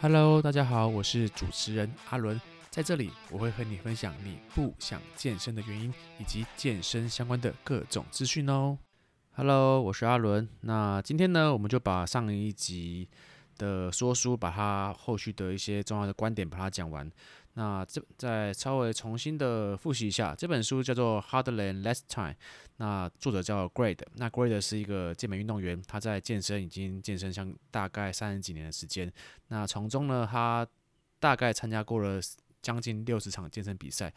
Hello，大家好，我是主持人阿倫，在這裡我會和你分享你不想健身的原因，以及健身相關的各種資訊哦。Hello，我是阿倫，那今天呢，我們就把上一集的說書，把它後續的一些重要的觀點把它講完。那這再稍微重新的複習一下，這本書叫做《Harder than last time》，那作者叫 Grade，那 Grade 是一個健美運動員，他在健身已經健身相大概三十幾年的時間，那從中呢，他大概參加過了將近六十場健身比賽。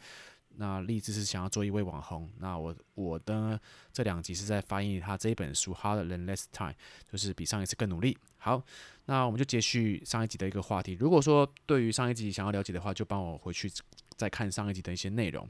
那立志是想要做一位網紅。那我我的這兩集是在翻譯他這一本書《Harder Than Last Time》，就是比上一次更努力。好，那我們就接續上一集的一個話題。如果說對於上一集想要了解的話，就幫我回去再看上一集的一些內容。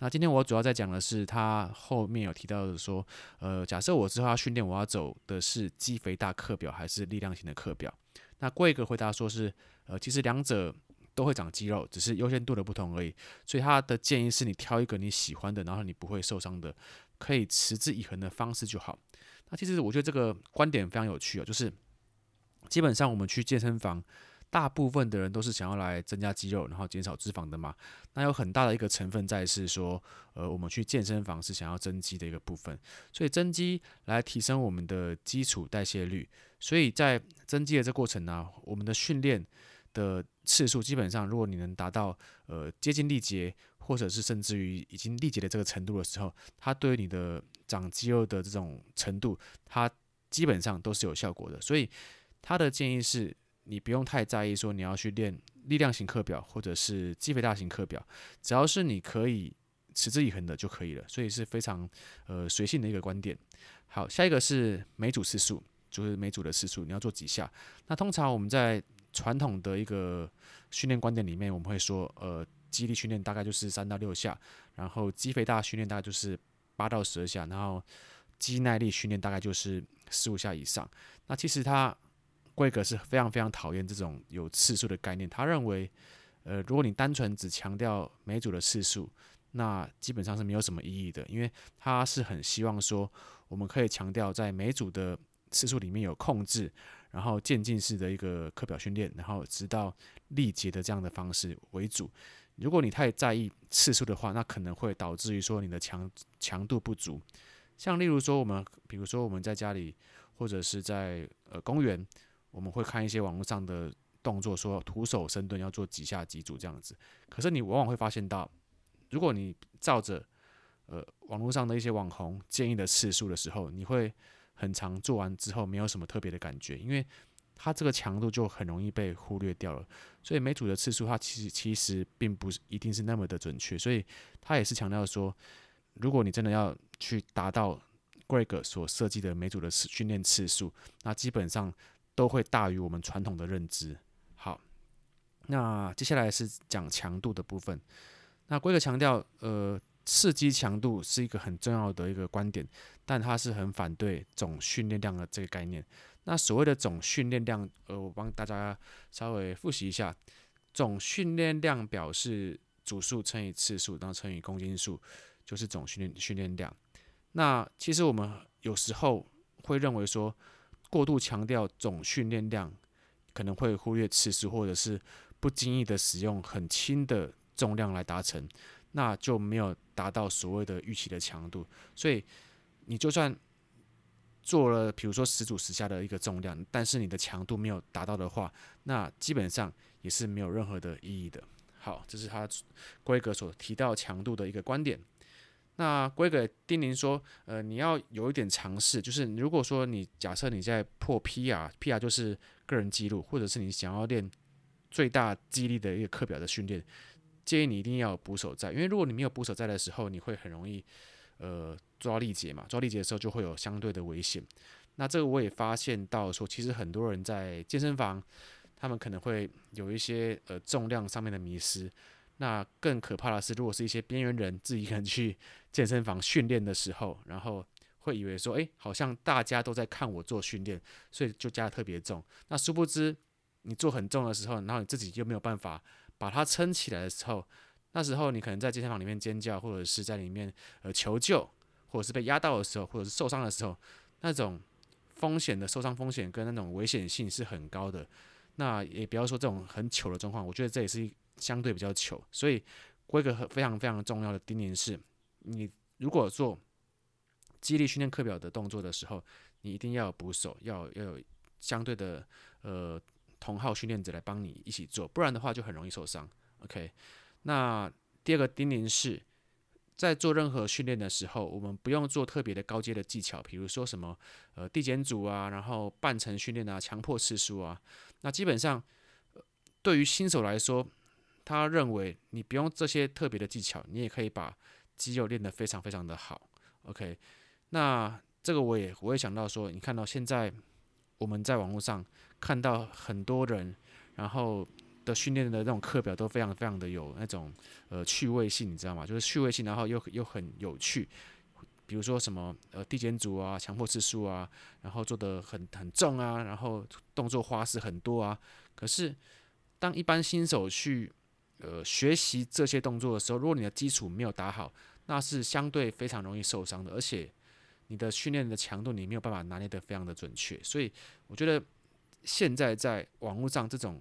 那今天我主要在講的是他後面有提到的說，呃，假設我之後要訓練，我要走的是肌肥大課表還是力量型的課表？那貴哥回答說是，呃，其實兩者。都會長肌肉，只是優先度的不同而已。所以他的建議是你挑一個你喜歡的，然後你不會受傷的，可以持之以恆的方式就好。那其實我覺得這個觀點非常有趣哦，就是基本上我們去健身房，大部分的人都是想要來增加肌肉，然後減少脂肪的嘛。那有很大的一個成分在是說，呃，我們去健身房是想要增肌的一個部分。所以增肌來提升我們的基礎代謝率。所以在增肌的這過程呢，啊，我們的訓練。的次數基本上，如果你能達到呃接近力竭，或者是甚至於已經力竭的這個程度的時候，它對於你的長肌肉的這種程度，它基本上都是有效果的。所以他的建議是你不用太在意說你要去練力量型課表或者是肌肥大型課表，只要是你可以持之以恆的就可以了。所以是非常呃隨性的一個觀點。好，下一個是每組次數，就是每組的次數你要做幾下？那通常我們在傳統的一個訓練觀點裡面，我們會說，呃，肌力訓練大概就是三到六下，然後肌肥大訓練大概就是八到十二下，然後肌耐力訓練大概就是十五下以上。那其實他規格是非常非常討厭這種有次數的概念。他認為，呃，如果你單純只強調每組的次數，那基本上是沒有什麼意義的，因為他是很希望說，我們可以強調在每組的次數裡面有控制。然後漸進式的一個課表訓練，然後直到力竭的這樣的方式為主。如果你太在意次數的話，那可能會導致於說你的強強度不足。像例如說我們，比如說我們在家裡或者是在呃公園，我們會看一些網絡上的動作，說徒手深蹲要做幾下幾組這樣子。可是你往往會發現到，如果你照着呃網絡上的一些網紅建議的次數的時候，你會。很常做完之後，沒有什麼特別的感覺，因為它這個強度就很容易被忽略掉了。所以每組的次數，它其實其實並不是一定是那麼的準確。所以他也是強調說，如果你真的要去達到 Greg 所設計的每組的訓練次數，那基本上都會大於我們傳統的認知。好，那接下來是講強度的部分。那 Greg 強調，呃，刺激強度是一個很重要的一個觀點。但他是很反對總訓練量的這個概念。那所謂的總訓練量，呃，我幫大家稍微複習一下：總訓練量表示組數乘以次數，然後乘以公斤數，就是總訓練訓練量。那其實我們有時候會認為說，過度強調總訓練量，可能會忽略次數，或者是不經意的使用很輕的重量來達成，那就沒有達到所謂的預期的強度。所以。你就算做了，比如說十組十下的一個重量，但是你的強度沒有達到的話，那基本上也是沒有任何的意義的。好，這是他規格所提到強度的一個觀點。那規格叮嚀說，呃，你要有一點嘗試，就是如果說你假設你在破 PR，PR PR 就是個人紀錄，或者是你想要練最大肌力的一個課表的訓練，建議你一定要有補手在，因為如果你沒有補手在的時候，你會很容易。呃，抓力竭嘛，抓力竭的時候就會有相對的危險。那這個我也發現到說，其實很多人在健身房，他們可能會有一些呃重量上面的迷失。那更可怕的是，如果是一些邊緣人自己肯去健身房訓練的時候，然後會以為說，哎、欸，好像大家都在看我做訓練，所以就加得特別重。那殊不知，你做很重的時候，然後你自己又沒有辦法把它撐起來的時候。那時候你可能在健身房裡面尖叫，或者是在裡面呃求救，或者是被壓到的時候，或者是受傷的時候，那種風險的受傷風險跟那種危險性是很高的。那也不要說這種很糗的狀況，我覺得這也是相對比較糗。所以，規格非常非常重要的叮嚀是：你如果做肌力訓練課表的動作的時候，你一定要有捕手，要要有相對的呃同好訓練者來幫你一起做，不然的話就很容易受傷。OK。那第二個叮嚀是，在做任何訓練的時候，我們不用做特別的高階的技巧，比如說什麼呃遞減組啊，然後半程訓練啊，強迫次數啊。那基本上，對於新手來說，他認為你不用這些特別的技巧，你也可以把肌肉練得非常非常的好。OK，那這個我也我也想到說，你看到現在我們在網絡上看到很多人，然後。的訓練的那種課表都非常非常的有那種呃趣味性，你知道嗎？就是趣味性，然後又又很有趣，比如說什麼呃遞減組啊、強迫次數啊，然後做的很很重啊，然後動作花式很多啊。可是當一般新手去呃學習這些動作的時候，如果你的基礎沒有打好，那是相對非常容易受傷的，而且你的訓練的強度你沒有辦法拿捏得非常的準確。所以我覺得現在在網絡上這種。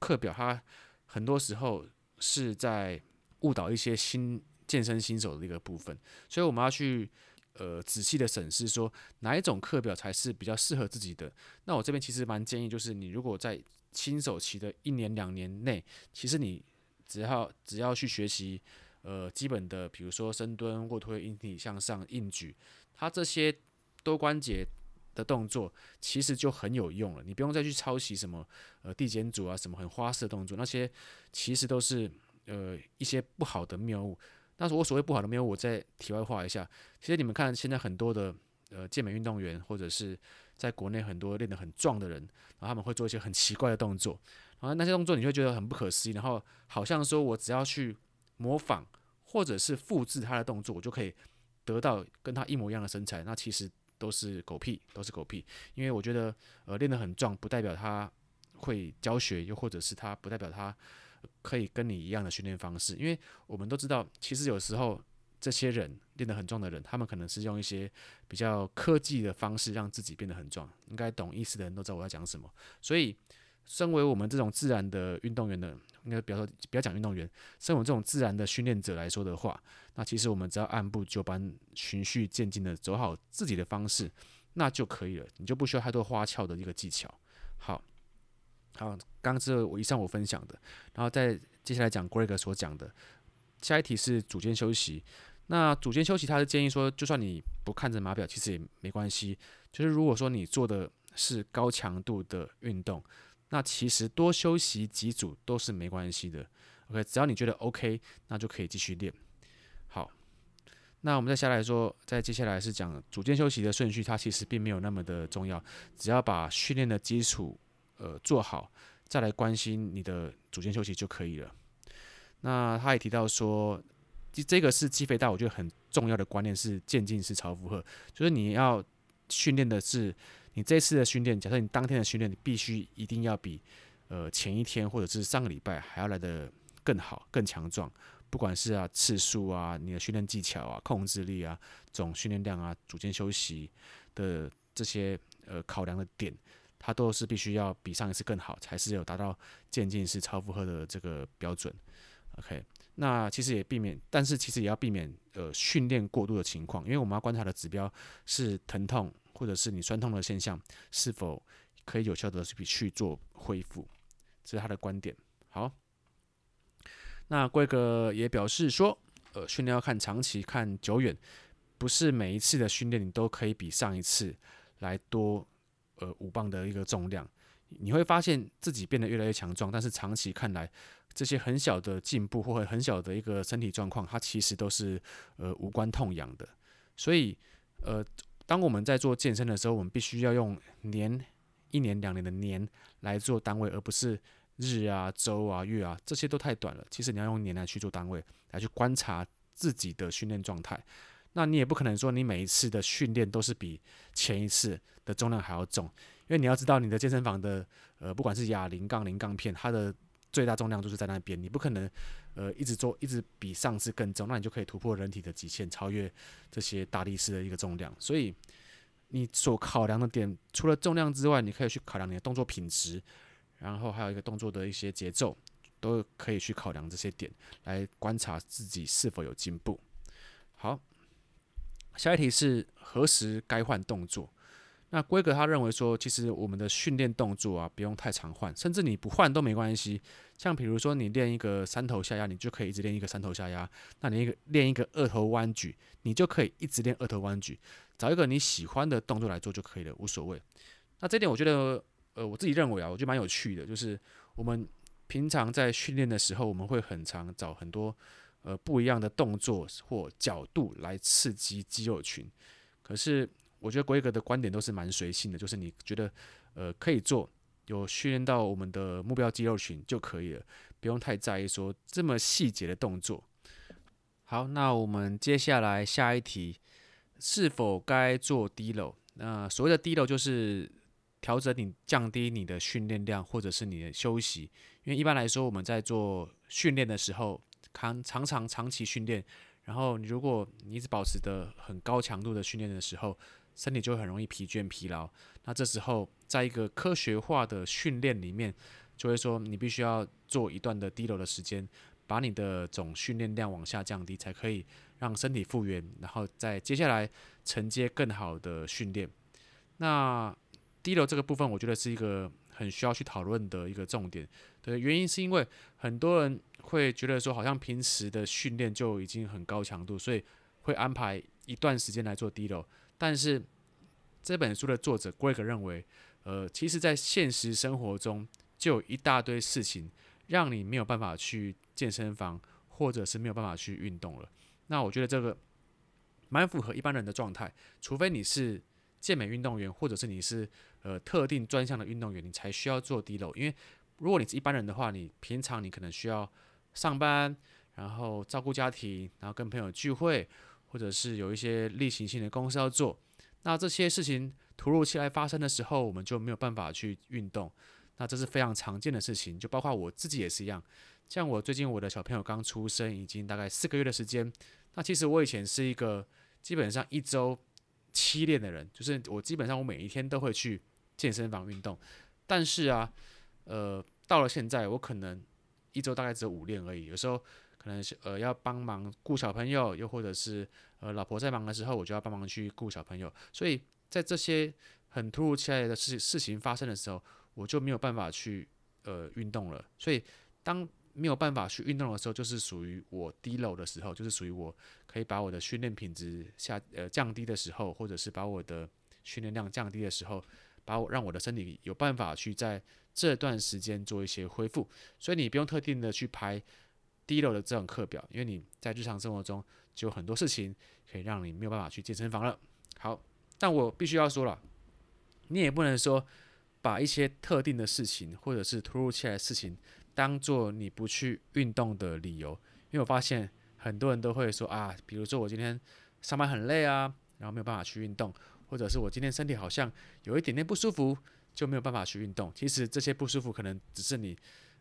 課表它很多時候是在誤導一些新健身新手的一個部分，所以我們要去呃仔細的審視，說哪一種課表才是比較適合自己的。那我這邊其實蠻建議，就是你如果在新手期的一年兩年內，其實你只要只要去學習呃基本的，比如說深蹲、臥推、引體向上、硬舉，它這些多關節。的動作其實就很有用了，你不用再去抄襲什麼呃遞減組啊，什麼很花式的動作，那些其實都是呃一些不好的謬誤。那我所謂不好的謬誤，我再題外話一下，其實你們看現在很多的呃健美運動員，或者是在國內很多練得很壯的人，然後他們會做一些很奇怪的動作，然後那些動作你會覺得很不可思議，然後好像說我只要去模仿或者是複製他的動作，我就可以得到跟他一模一樣的身材，那其實。都是狗屁，都是狗屁。因為我覺得，呃，練得很壯，不代表他會教學，又或者是他不代表他可以跟你一樣的訓練方式。因為我們都知道，其實有時候這些人練得很壯的人，他們可能是用一些比較科技的方式讓自己變得很壯。應該懂意思的人都知道我要講什麼。所以，身為我們這種自然的運動員的。應該比如說，不要講運動員，像我這種自然的訓練者來說的話，那其實我們只要按部就班、循序漸進的走好自己的方式，那就可以了。你就不需要太多花俏的一個技巧。好，好，剛剛這我一上午分享的，然後再接下來講 Greg 所講的，下一題是組間休息。那組間休息，他是建議說，就算你不看着碼表，其實也沒關係。就是如果說你做的是高強度的運動，那其實多休息幾組都是沒關係的，OK，只要你覺得 OK，那就可以繼續練。好，那我們再下來說，再接下來是講組間休息的順序，它其實並沒有那麼的重要，只要把訓練的基礎呃做好，再來關心你的組間休息就可以了。那他也提到說，這這個是肌肥大，我覺得很重要的觀念是漸進式超負荷，就是你要訓練的是。你這次的訓練，假設你當天的訓練，你必須一定要比，呃，前一天或者是上個禮拜還要來得更好、更強壯，不管是啊次數啊、你的訓練技巧啊、控制力啊、總訓練量啊、組間休息的這些呃考量的點，它都是必須要比上一次更好，才是有達到漸進式超負荷的這個標準。OK。那其實也避免，但是其實也要避免呃訓練過度的情況，因為我們要觀察的指標是疼痛或者是你酸痛的現象是否可以有效的去去做恢復，這是他的觀點。好，那貴哥也表示說，呃，訓練要看長期看久遠，不是每一次的訓練你都可以比上一次來多呃五磅的一個重量，你會發現自己變得越來越強壯，但是長期看來。這些很小的進步，或者很小的一個身體狀況，它其實都是呃無關痛癢的。所以，呃，當我們在做健身的時候，我們必須要用年、一年、兩年的年來做單位，而不是日啊、週啊、月啊，這些都太短了。其實你要用年來去做單位來去觀察自己的訓練狀態，那你也不可能說你每一次的訓練都是比前一次的重量還要重，因為你要知道你的健身房的呃，不管是啞鈴、槓鈴、槓片，3，它的最大重量就是在那邊，你不可能，呃，一直做，一直比上次更重，那你就可以突破人體的極限，超越這些大力士的一個重量。所以你所考量的點，除了重量之外，你可以去考量你的動作品質，然後還有一個動作的一些節奏，都可以去考量這些點，來觀察自己是否有進步。好，下一題是何時該換動作？那規格他認為說，其實我們的訓練動作啊，不用太常換，甚至你不換都沒關係。像比如說，你練一個三頭下壓，你就可以一直練一個三頭下壓，那你一個練一個二頭彎舉，你就可以一直練二頭彎舉。找一個你喜歡的動作來做就可以了，無所謂。那這點我覺得，呃，我自己認為啊，我覺得蠻有趣的，就是我們平常在訓練的時候，我們會很常找很多呃不一樣的動作或角度來刺激肌肉群，可是。我覺得規格的觀點都是蠻隨性的，就是你覺得，呃，可以做，有訓練到我們的目標肌肉群，就可以了，不用太在意說這麼細節的動作。好，那我們接下來下一題，是否該做 deload？Low? 那所謂的 deload 就是調整你降低你的訓練量，或者是你的休息，因為一般來說我們在做訓練的時候，常常長長期訓練，然後如果你一直保持得很高強度的訓練的時候。身體就很容易疲倦、疲勞。那這時候，在一個科學化的訓練裡面，就會說你必須要做一段的低流的時間，把你的總訓練量往下降低，才可以讓身體復原，然後再接下來承接更好的訓練。那低流這個部分，我覺得是一個很需要去討論的一個重點。對，原因是因為很多人會覺得說，好像平時的訓練就已經很高強度，所以會安排一段時間來做低流。但是這本書的作者 Greg 認為，呃，其實在現實生活中就有一大堆事情讓你沒有辦法去健身房，或者是沒有辦法去運動了。那我覺得這個蠻符合一般人的狀態，除非你是健美運動員，或者是你是呃特定專項的運動員，你才需要做低樓。因為如果你是一般人的話，你平常你可能需要上班，然後照顧家庭，然後跟朋友聚會。或者是有一些例行性的公司要做，那這些事情突如其來發生的時候，我們就沒有辦法去運動。那這是非常常見的事情，就包括我自己也是一樣。像我最近我的小朋友剛出生，已經大概四個月的時間。那其實我以前是一個基本上一周七練的人，就是我基本上我每一天都會去健身房運動。但是啊，呃，到了現在，我可能一周大概只有五練而已，有時候。可能是呃要幫忙顧小朋友，又或者是呃老婆在忙的時候，我就要幫忙去顧小朋友。所以在這些很突如其來的事事情發生的時候，我就沒有辦法去呃運動了。所以當沒有辦法去運動的時候，就是屬於我低落的時候，就是屬於我可以把我的訓練品質下呃降低的時候，或者是把我的訓練量降低的時候，把我讓我的身體有辦法去在這段時間做一些恢復。所以你不用特定的去拍，低了的這種課表，因為你在日常生活中就有很多事情可以讓你沒有辦法去健身房了。好，但我必須要說了，你也不能說把一些特定的事情或者是突如其來的事情當做你不去運動的理由。因為我發現很多人都會說啊，比如說我今天上班很累啊，然後沒有辦法去運動，或者是我今天身體好像有一點點不舒服，就沒有辦法去運動。其實這些不舒服可能只是你。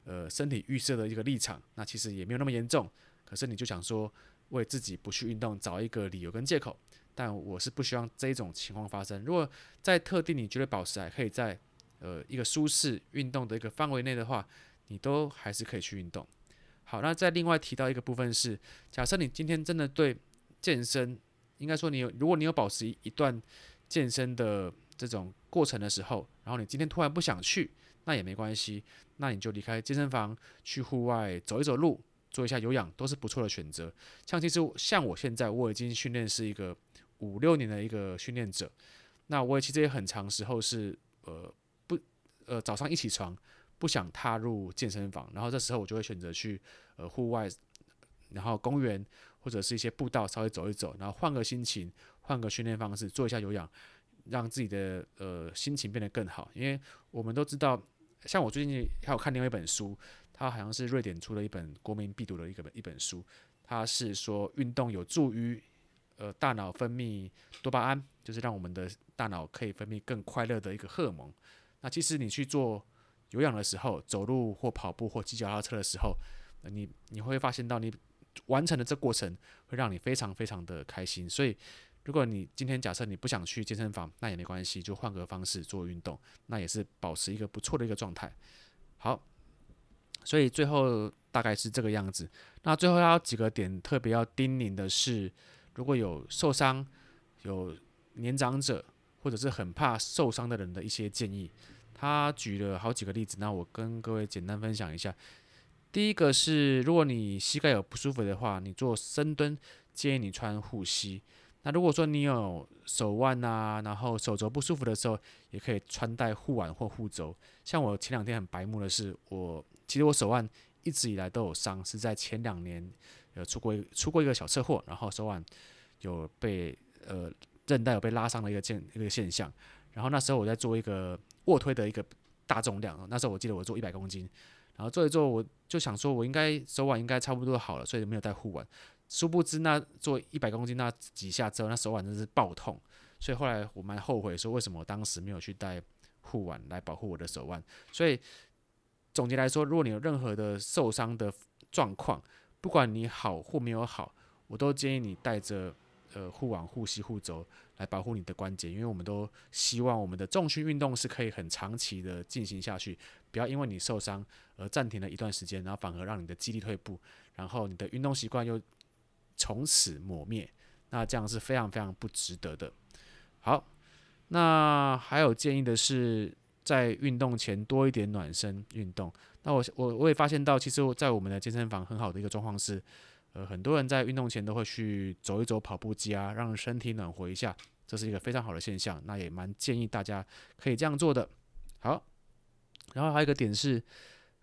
呃，身體預設的一個立場，那其實也沒有那麼嚴重。可是你就想說，為自己不去運動找一個理由跟借口，但我是不希望這種情況發生。如果在特定你覺得保持還可以在呃一個舒適運動的一個範圍內的話，你都還是可以去運動。好，那再另外提到一個部分是，假設你今天真的對健身，應該說你有，如果你有保持一段健身的這種過程的時候，然後你今天突然不想去。那也沒關係，那你就離開健身房，去戶外走一走路，做一下有氧，都是不錯的選擇。像其實像我現在，我已經訓練是一個五六年的一個訓練者，那我也其實也很長時候是呃不呃早上一起床不想踏入健身房，然後這時候我就會選擇去呃戶外，然後公園或者是一些步道稍微走一走，然後換個心情，換個訓練方式，做一下有氧，讓自己的呃心情變得更好，因為我們都知道。像我最近還有看另外一本書，它好像是瑞典出的一本國民必讀的一個一本書。它是說運動有助於呃大腦分泌多巴胺，就是讓我們的大腦可以分泌更快樂的一個荷爾蒙。那其實你去做有氧的時候，走路或跑步或騎腳踏車的時候，你你會發現到你完成的這過程會讓你非常非常的開心，所以。如果你今天假設你不想去健身房，那也沒關係，就換個方式做運動，那也是保持一個不錯的一個狀態。好，所以最後大概是這個樣子。那最後還有幾個點特別要叮嚀的是，如果有受傷、有年長者或者是很怕受傷的人的一些建議，他舉了好幾個例子，那我跟各位簡單分享一下。第一個是，如果你膝蓋有不舒服的話，你做深蹲，建議你穿護膝。那如果說你有手腕啊，然後手肘不舒服的時候，也可以穿戴護腕或護肘。像我前兩天很白目的是，我其實我手腕一直以來都有傷，是在前兩年有出過出過一個小車禍，然後手腕有被呃韌帶有被拉傷的一個現一個現象。然後那時候我在做一個臥推的一個大重量，那時候我記得我做一百公斤，然後做著做著，我就想說我應該手腕應該差不多好了，所以就沒有戴護腕。殊不知，那做一百公斤那幾下之後，那手腕真是爆痛。所以後來我蠻後悔說，為什麼我當時沒有去帶護腕來保護我的手腕？所以總結來說，如果你有任何的受傷的狀況，不管你好或沒有好，我都建議你帶着呃護腕、護膝、護肘來保護你的關節。因為我們都希望我們的重訓運動是可以很長期的進行下去，不要因為你受傷而暫停了一段時間，然後反而讓你的肌力退步，然後你的運動習慣又。從此抹滅，那這樣是非常非常不值得的。好，那還有建議的是，在運動前多一點暖身運動。那我我我也發現到，其實在我們的健身房，很好的一個狀況是，呃，很多人在運動前都會去走一走跑步機啊，讓身體暖和一下，這是一個非常好的現象。那也蠻建議大家可以這樣做的。好，然後還有一個點是，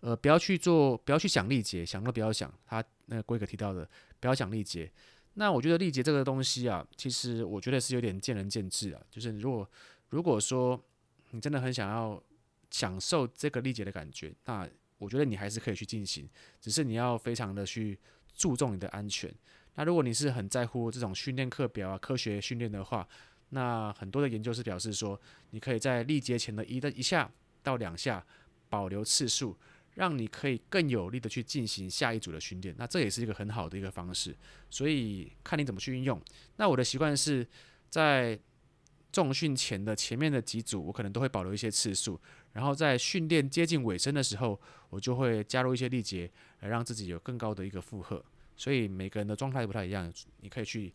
呃，不要去做，不要去想力竭，想都不要想。他那個龜哥提到的。不要講力竭，那我覺得力竭這個東西啊，其實我覺得是有點見仁見智啊。就是如果如果說你真的很想要享受這個力竭的感覺，那我覺得你還是可以去進行，只是你要非常的去注重你的安全。那如果你是很在乎這種訓練課表啊、科學訓練的話，那很多的研究是表示說，你可以在力竭前的一、的一下到兩下保留次數。讓你可以更有力的去進行下一組的訓練，那這也是一個很好的一個方式，所以看你怎麼去運用。那我的習慣是在重訓前的前面的幾組，我可能都會保留一些次數，然後在訓練接近尾聲的時候，我就會加入一些力竭，來讓自己有更高的一個負荷。所以每個人的狀態不太一樣，你可以去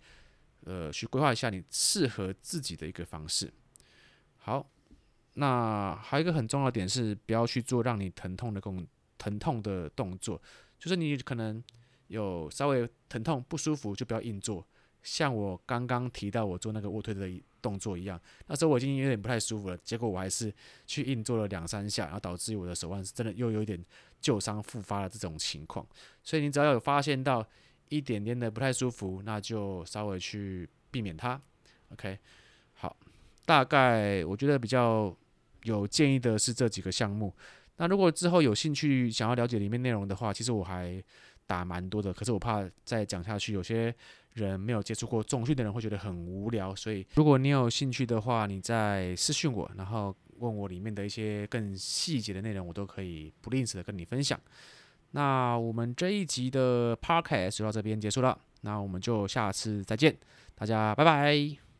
呃去規劃一下你適合自己的一個方式。好。那還有一個很重要的點是，不要去做讓你疼痛的工疼痛的動作。就是你可能有稍微疼痛不舒服，就不要硬做。像我剛剛提到我做那個臥推的動作一樣，那時候我已經有點不太舒服了，結果我還是去硬做了兩三下，然後導致我的手腕是真的又有點舊傷復發了這種情況。所以你只要有發現到一點點的不太舒服，那就稍微去避免它。OK，好。大概我覺得比較有建議的是這幾個項目。那如果之後有興趣想要了解裡面內容的話，其實我還打蠻多的。可是我怕再講下去，有些人沒有接觸過重訓的人會覺得很無聊。所以如果你有興趣的話，你再私訊我，然後問我裡面的一些更細節的內容，我都可以不吝嗇的跟你分享。那我們這一集的 podcast 就到這邊結束了。那我們就下次再見，大家拜拜。